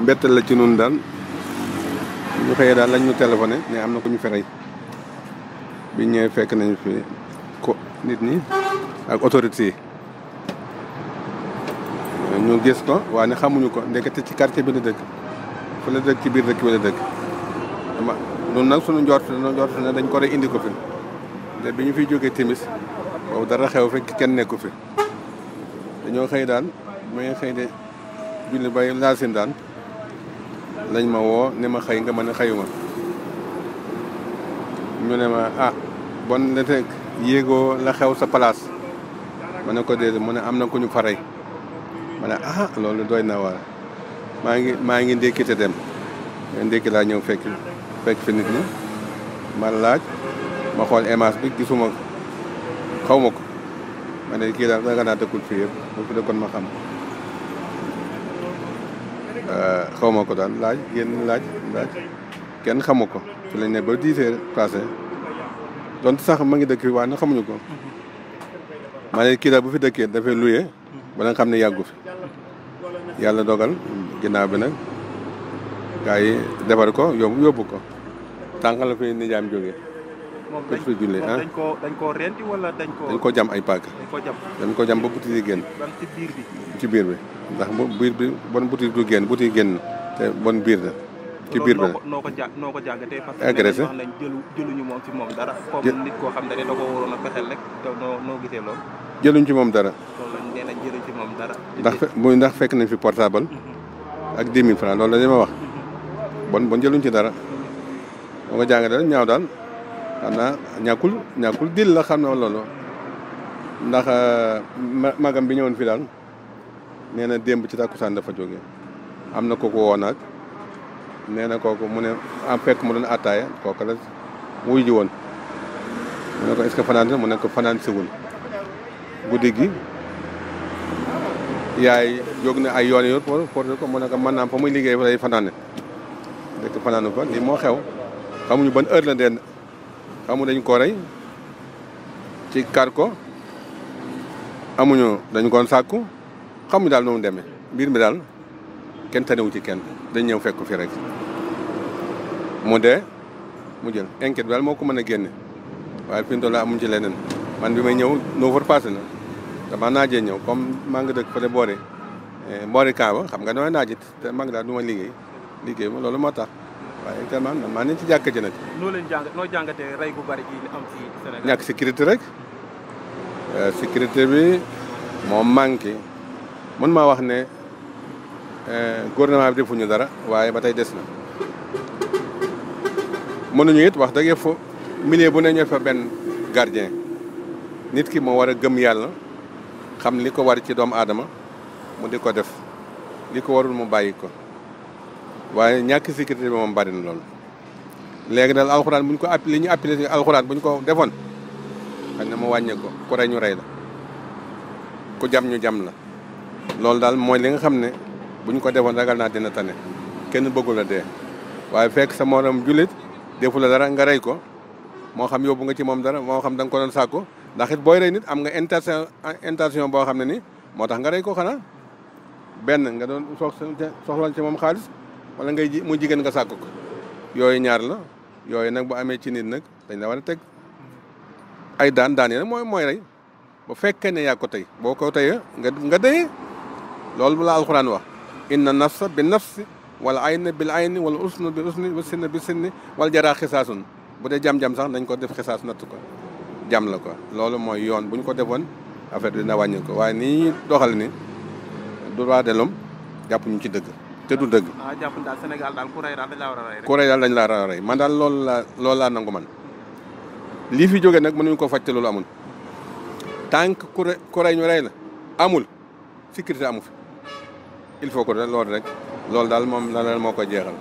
mbettal la ci nun daal ñu xëyee daal lañ ñu téléphoné ne am na ko ñu fi rey bi ñëwee fekk nañ fi ko nit ñi ak autorité yi ñu gis ko waa ne xamuñu ko te ci quartier bi la dëkk fa la dëkk ci biir dëkk bi la dëkk ama nag suñu njoot dañoo njort ne dañ ko rey indi ko fi te bi ñu fiy jógee timis boobu dara xew fi kenn nekku fi dañoo xëy daal may xëy de julli bay laasin daan lañ ma woo ne ma xëy nga mën a xëyuma ñu ne ma ah bon la teg yéegoo la xew sa palaas ma ne ko déedéet mu ne am na ku ñu faray ma ne ah loolu doy na waar maa ngi maa ngi ndékki dem ndékki laa ñëw fekk fekk fi nit ñi ma laaj ma xool image bi gisuma xaw ma ko ma ne kii daal danga naa dëkkul fii yëpp bu fi dëkkoon ma xam Euh, xaw ma ko daal laaj génn laaj laaj kenn xamu ko fi lañ ne ba dix heures passé donte sax ma ngi dëkk fi waaye na xamuñu ko man ne bu fi dëkkee dafay luye ba nga xam ne yàggu fi yàlla dogal ginnaaw bi nag gars yi defar ko yóbbu yóbbu ko tànqal fi nijaam jógee moom ah. dañ koo dañ koo rendi wala dañ koo. koo jam ay paaka. dañ koo jam dañ koo jam ba butit yi génn. ci biir bi ci biir biir bi bon butit du génn butit génn te bon biir la. ci biir bi noo ko ja noo ko jàngatee. agressé parce que nañ jëluñu moom ci moom dara. comme nit koo xam ne da koo waroon a jëluñ ci moom dara. ndax fe ndax fekk nañ fi portable. Mhm. ak 10 000 loolu la ñu ma wax. Mhm. bon bon jëluñ ci dara. moo mhm. ko jàngatee ñaaw daal. xanaa ñàkkul ñàkkul dil la xam na loolu ndax euh, magam bi ñëwoon fii daal nee na démb ci tàkkusaan dafa jóge am na kooku woo nag nee na kooku mu ne en fekk mu doon attaaya kooku la wuy woon mu ne fanaan mu ne ko fanaan siwul gi yaay jog na ay yoon yoon pour mu ne ko mën naa fa muy liggéey fa lay fanaane dëkk fanaanu fa lii moo xew xamuñu ban heure la amu dañ ko ci kar ko amuñu dañ koon sàkku xamuñu daal noonu demee mbir mi daal kenn tanewu ci kenn dañ ñëw fekk fi rek mu dee mu jël enquête bi daal moo ko mën a génne waaye fi mu toll nii amuñ ci leneen man bi may ñëw neuf heures passé na dama naajee ñëw comme maa ngi dëkk fële boori eh, boori Kaaba xam nga damay naajit te maa ngi daal du ma liggéey liggéey ma loolu moo tax. waaye actuellement man maa ngi ci jàkka ji nag. noo leen jàng noo rey gu bari gi am ci Sénégal. ñàkk sécurité rek euh, sécurité bi moo manqué mën maa wax ne euh, gouvernement bi defuñu dara waaye ba tey des na mënuñu it wax dëgg yëpp milieu bu ne ñoo fa benn gardien nit ki moo war a gëm yàlla xam li ko war ci doomu aadama mu di ko def li ko warul mu bàyyi ko. waaye ñàkk sécurité bi moom bari na lool. léegi daal alxuraan bu ñu ko appli li ñu appli si bu ñu ko defoon xëy na mu wàññee ko ku rey ñu rey la ko jam ñu jam la loolu daal mooy li nga xam ne bu ñu ko defoon ragal naa dena tane kenn bëggul a dee waaye fekk sa morom jullit defu la dara nga rey ko moo xam yóbbu nga ci moom dara moo xam da nga ko doon sàkku ndaxit it booy rey nit am nga intention intention boo xam ne nii moo tax nga rey ko xanaa benn nga doon soxla ci moom xaalis wala ngay ji mu jigéen nga sàkku ko yooyu ñaar la yooyu nag bu amee ci nit nag dañ la war a teg ay daan daan mooy mooy rey bu fekkee ne yaa ko tey boo ko teyee nga nga dee loolu bu la alxuraan wax inna nafsa bi nafsi wala ayna bil ayni wala usnu bi usni wa sinna bi sinni wala jaraa xisaasun bu dee jam-jam sax nañ ko def xisaas natt ko jam la ko loolu mooy yoon bu ñu ko defoon affaire dina wàññi ko waaye nii doxal ni droit de l'homme jàpp ñu ci dëgg te du dëgg. ah jàpp daal Sénégal daal ku rey daal dañ laa war a rey rek. ku rey daal dañ laa war a rey man daal loolu laa loolu laa nangu man fi jógee nag mënuñu ko faj te loolu amul tant que ku rey ñu rey na amul sécurité amu fi il faut que loolu rek loolu daal moom lan moo ko jeexal.